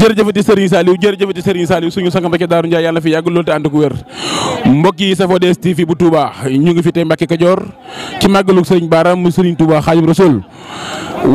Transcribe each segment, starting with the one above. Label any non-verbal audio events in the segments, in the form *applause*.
jërëjëfati Serigne Saliou jërëjëfati Serigne Saliou suñu sang Mbacke Daaru Ndiaye yàlla fi yàgg lool te ànd ko wér mbokk yi safoo DS TV bu Touba ñu ngi fi tey Mbacke Kajoor ci màggalu Serigne Bara mu Serigne Touba Xaadimu Rasuul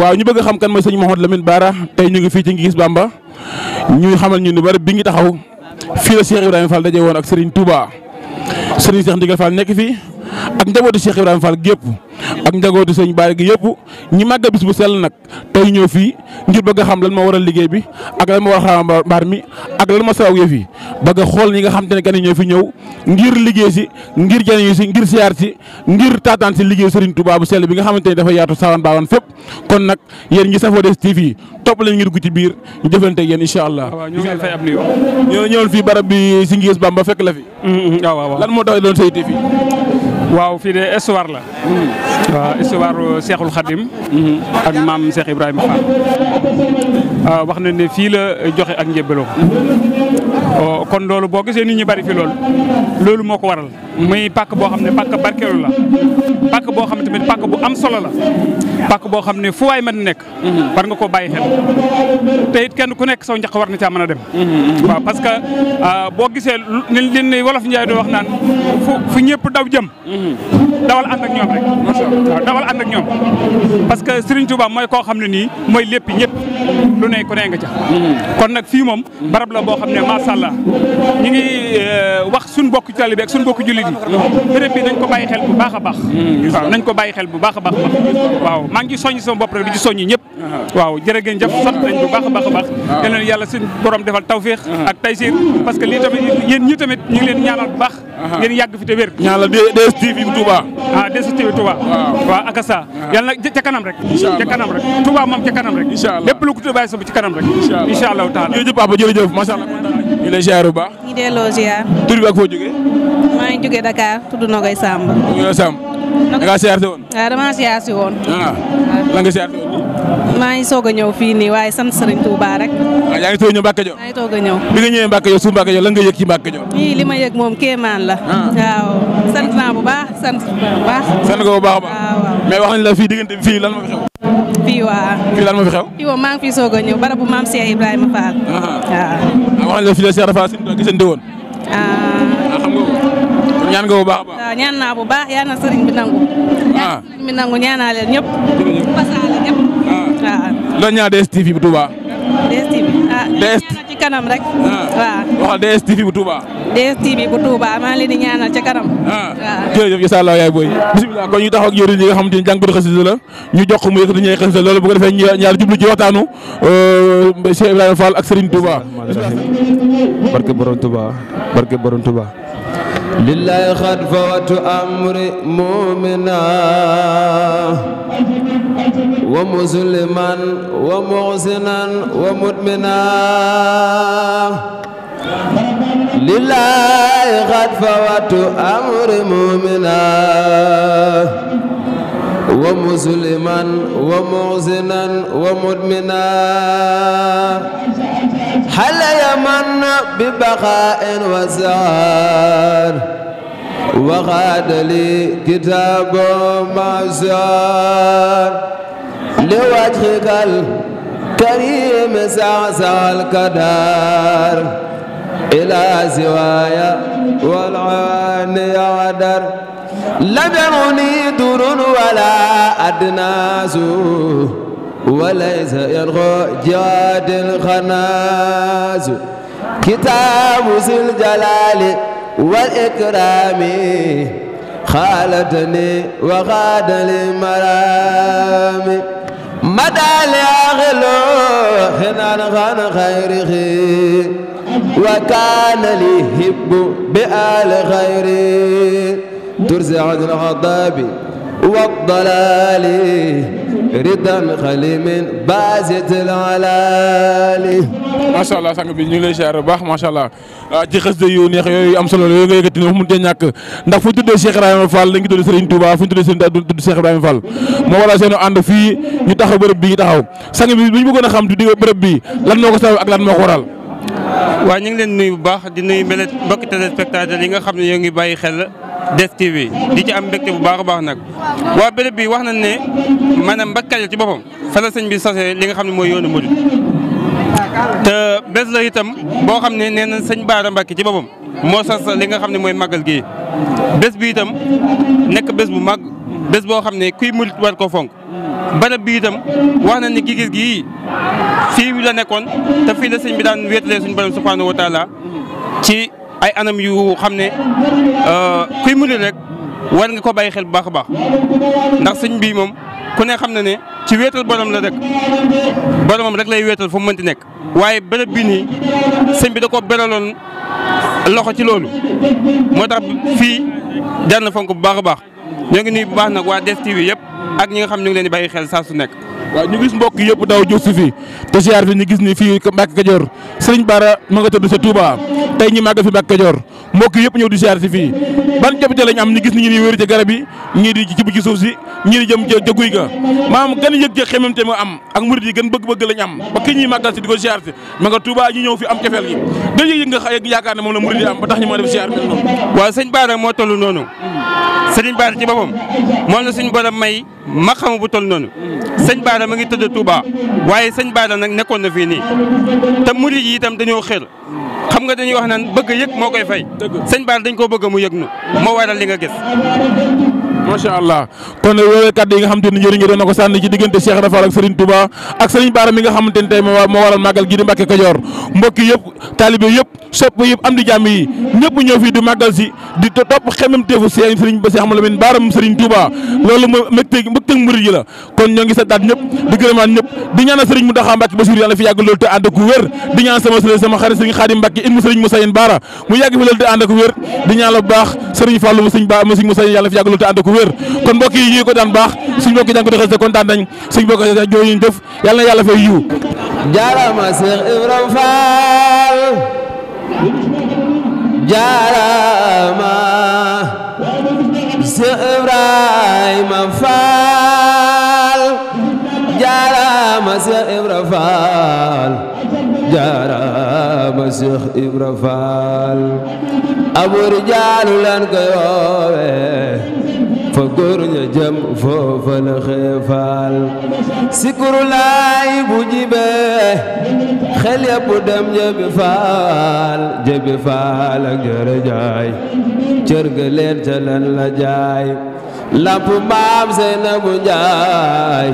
waaw ñu bëgg xam kan mooy Serigne Mouhamadou Lamine Bara tey ñu ngi fii ci ngi Bamba ñuy xamal ñu ni bari bi ngi taxaw fii la Cheikh Ibrahima Fall daje woon ak Serigne Touba Serigne Cheikh Ndigal Fall nekk fi ak njabootu Cheikh Ibrahima Fall gépp ak njagootu sëñ Baara gi yëpp ñi màggal bis bu sell nag tey ñëw fii ngir bëgg a xam lan moo a liggéey bi ak lan moo war a xam mbaar mi ak lan moo sawaw yëf yi xool ñi nga xam te ne gan ñoo fi ñëw ngir liggéey si ngir jëriñu si ngir siyaar si ngir tataan si liggéey Serigne Touba bu sell bi nga xamante ne dafa yaatu sawan baawan fépp kon nag yéen ñi safoo des TV yi topp lañ ngir dugg ci biir ñu jëfante ak yéen incha allah. waaw ñu ngi fay ab nuyoo. ñoo fii barab bi si Ngiss Bamba fekk la fi. Mm-hmm. waaw waaw lan moo tax doon say TV waaw fii de histoire la. waaw histoire Cheikhul ak maam seex Ibrahima Fall. wax na ne fii la joxe ak njébbaloo. Oh, kon loolu boo gisee nit ñi bari fi lool. loolu moo ko waral muy pakk boo xam ne pàkk barkeelu la pàkk boo xam ne tamit pàkk bu am solo la pàkk boo xam ne fu waay mën nekk mhm. war nga koo bàyyi xel te it kenn ku nekk saw njaq war na caa mën a dem mhm. parce que ah, boo gisee ni leen wolof Njaay doo wax naan fu fu ñëpp daw jëm mhm. dawal ànd ak ñoom rek waaw parce que Serigne Touba mooy koo xam ne nii mooy lépp ñëpp lu ne ku ne nga ca kon nag fii moom barab la boo xam ne macha allah ñu ngi eh, wax suñ bokk taalibe ak suñ bokk jullit bi nañ ko bàyyi xel bu baax a baax waaw nañ ko bàyyi xel bu baax a baax waaw maa ngi soññ sama bopp rek di ci soññ ñëpp waaw jërë ngeen jëf sant nañ bu baax a baax a baax yal na yàlla suñ borom defal tawféex ak taysiir parce que lii tamit yéen ñi tamit ñu ngi leen ñaanal bu baax ngeen yàgg fi te wér ñaanal DSTV Touba ah DSTV Touba waaw ak sa yàlla nag ca rek ca rek Touba moom ca lu ko tudd Baye Samb ci kanam rek. incha allah taala jërëjëf papa jërëjëf macha allah. ñu lay ziar bu baax. ñu delloo ziar. tur bi ak foo jógee. maa ngi jógee Dakar tudd Nogoy Samb. Nogoy Samb. da ngaa ziar si woon. waaw ah, damaa ziar si woon. ah lan nga ziar si woon. maa ngi soog a ñëw fii nii waaye sant Serigne Touba rek. waaw ah, yaa ngi soog a ñëw Mbacke Diop. maa ngi soog a ñëw. bi nga ñëwee Mbacke Diop su Mbacke Diop lan nga yëg ci Mbacke Diop. lii li ma yëg moom kéemaan la. Ah. waaw sant naa bu baax sant bu baax. sant nga bu baax a baax. mais wax nañ la fii diggante fii lan moo fi xew. Iwa. fii lan moo fi xew. Iwa maa ngi fi soog a ñëw barabu maam Cheikh Ibrahima Fall. waaw. Ah, wax la fii la Cheikh si doon gisante woon. ah, ah ko ñaan nga bu baax a ah, naa bu baax yaa na sëriñ bi nangu. ah sëriñ bi nangu ñaanaa leen ñëpp. fasaale bu Touba. DSTV ah. ci kanam rek. Ah. waaw waxal DSTV bu Touba. DSTV bu Touba maa ngi leen di ñaanal ca kanam. Ah. waaw jërëjëf incha allah yaay booy. bisimilah kon ñu taxaw ak jëriñ li nga xamante ni jàngatu xasida la ñu jox ko mu yëkkati ñooy xasida loolu bu ko defee ñaar jublu ci waxtaanu euh, Cheikh Ibrahima Fall ak Serigne Touba. barke Borom Touba barke Borom Touba. لله خلف وتأمر مؤمنا ومسلما ومحسنا ومؤمنا لله خلف وتأمر مؤمنا ومسلما ومعزنا ومدمنا هل يمن ببقاء وزار وغاد لي كتاب معزار لوجهك الكريم زعزع القدر إلى زوايا والعين يعدر لا دعوني ولا أدناس وليس يلغى جاد الخناس كتاب ذي الجلال والإكرام خالتني وغاد للمرام مدى لأغلو حنان غن خيره وكان لي هب بآل خيره عن الغضب والضلال ردا xali min bazitil alali macha allah sang bi ñu ngi lay ziar bu baax macha allah ci neex yooyu am solo yooyu nga yëkkati ne mënut a ñàkk ñu tuddee Cheikh Ibrahima Fall la ngi tudd Serigne Touba fu ñu tuddee Serigne tudd Cheikh Ibrahima Fall moo waral seen ànd fii ñu taxaw bërëb bi ñu taxaw sang bi bu ñu bëggoon a xam di bërëb bi lan moo ko sabab ak lan moo ko waral waaw ñu ngi leen nuyu bu baax di nuyu mbokki téléspectateurs yi nga xam ne ñoo ngi bàyyi xel Des TV di ci am mbégte bu baax a baax nag waa béréb bi wax nañ ne maanaam Mbacke ci boppam fa la bi sase li nga xam ne mooy yoonu murid te bés la itam boo xam ne nee na sëñ Baara Mbacke ci boppam moo sas li nga xam ne mooy màggal gi bes bi itam nekk bés bu mag bés boo xam ne kuy murit war ko fonk barab bi itam wax nañ ne gigis gii fii la nekkoon te fii la sëñ bi daan wéetalee suñu borom subhanahu wa taala ci ay anam yu xam ne euh, kuy murit rek war nga ko bàyyi xel bu baax a baax ndax sëñ bi moom ku ne xam na ne ci wéetal borom la rek boromam rek lay wéetal foo mu mënti nekk. waaye bërëb bi nii sëñ bi da ko beraloon loxo ci loolu moo tax fii jar na fonk bu baax a baax ñoo ngi nuyu bu baax nag waa DSTV TV yëpp ak ñi nga xam ñu ngi leen di xel saa su nekk. waaw ñu gis mbokk yëpp daw jóg si fii te siyaar fi ñu gis ni fii Mbàkke Kajoor Sëriñ Bara ma sa Touba. tey ñi màgg fi Mbàkke Kajoor mbokk yëpp ñëw di siyaar si fii ban jafe-jafe am ñu gis ni ñi wéeru ci garab yi di ci bu suuf si ñii di jëm ca ga maam gën yëg ca xemam te am ak murid yi bëgg-bëgg lañ am ba ki ñuy màggal si di siyaar si ma nga Touba ñi ñëw fi am cofeel gi gën yëg nga yaakaar ne moom la murid yi am ba tax ñu mën a def siyaar bi noonu waaw sëñ Bara moo toll noonu sëriñ Baara ci boppam moom na suñu borom may maqamu bu toll noonu sëñ Baara ma ngi tëdd Touba waaye sëñ Baara nag nekkoon na fii nii te murid yi itam dañoo xër xam nga dañuy wax naan bëgg yëg moo koy fay. sëñ Baara dañ ko bëgg mu yëg nu moo waral li nga gis. macha allah kon yooyu kaddu yi nga xamante ni jëriñu doon na ko sànni ci diggante Cheikh Rafal ak Serigne Touba ak Serigne Baara mi nga xamante ni tey moo waral màggal gi di Mbàkke Kajoor mbokk yëpp taalibe yëpp sopp yëpp am di jàmm yi ñëpp ñëw fii di màggal si di topp xemem teefu seen sëriñ ba si xam la men baaram sëriñ Touba loolu mooy mbégte mbégte murid yi la kon ñoo ngi santaat ñëpp di gërëmaat ñëpp di ñaan sama sëriñ sama xarit sëriñ Khadim Mbacké ibnu sëriñ Moussa loolu te ànd ak wér di ñaan la baax sëriñ Fallou mu sëriñ mu sëriñ Moussa Yène yàlla fi yàgg loolu te ànd ak wér kon mbokk yi ñu ko daan baax suñ mbokk daan ko doxal te kontaan nañ suñ mbokk yi def yàlla jaarama si Ibra Faal jaarama si Ibra Faal abu rijaalu lan ko yoowe fa góor ña jëm foofa la xeefaal sikuru laay bu jibee xel yëpp dem jëbi faal jëbi faal ak jaay cër ga leen la jaay lamp maam seen na bu njaay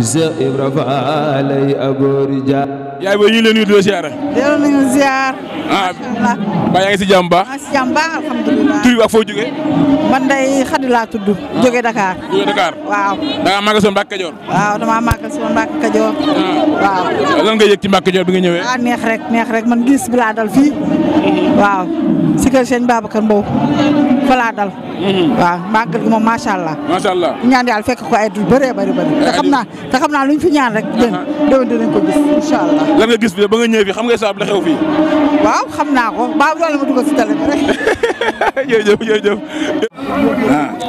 Seex Ibra Faal lay aboori jaar yaay booy ñu ngi leen nuyu di la ziar delloo nañu ziar ah ba yaa ngi si jàmm baax si jàmm baax alhamdulilah tur bi ak foo jógee man day Xadi laa tudd jógee ah, Dakar jógee Dakar waaw da ngaa màggal soon Mbàkke Kajoor waaw damaa màggal soon Mbàkke Kajoor ah. waaw lan nga yëg ci Mbàkke Kajoor bi nga ñëwee ah neex rek neex rek man gis bi laa dal fii mm-hmm. waaw si kër Sëñ Babacar Mbow fa laa dal mm-hmm. waaw màggal gi moom macha te xam naa luñ fi ñaan rek dén déwén dinañ ko gis incha allah lan nga gis bi ba nga ñëwee fii xam nga saab la xew fii waaw xam naa ko baabu doole ma dugal si télé bi rek *laughs* jërëjëf jërëjëf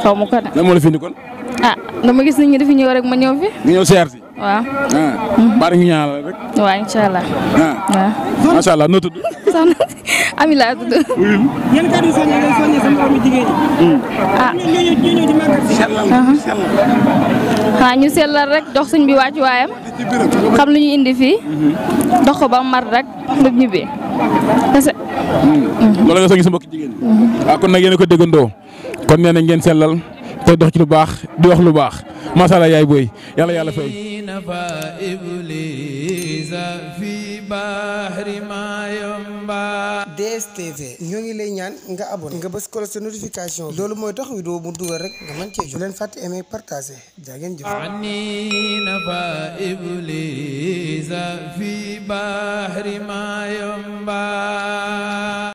xaw ma ko de lan moo la fi indi kon ah dama gis nit ñi dafi ñëw rek ma ñëw fi nga ñëw waaw nah, mhm. bari nga ñaanal rek waaw inshallah nah, waaw machallah no tudd soxna *laughs* ami la sama ami jigéen hmm. ah ñu ñu ñu di magal uh-huh. xana ñu sellal rek dox señ bi wacc wayam xam lu ñu indi fi mhm. dox ko ba mar rek lu ñibé hmm. mhm. loolu nga soñu masala yaay booy yàlla yàlla fay DSTV ñoo ngi lay ñaan nga abonné nga bës ko sa notification loolu mooy tax vidéo bu dugal rek nga mën cee jot leen fàtte aimer partager jaa ngeen jëf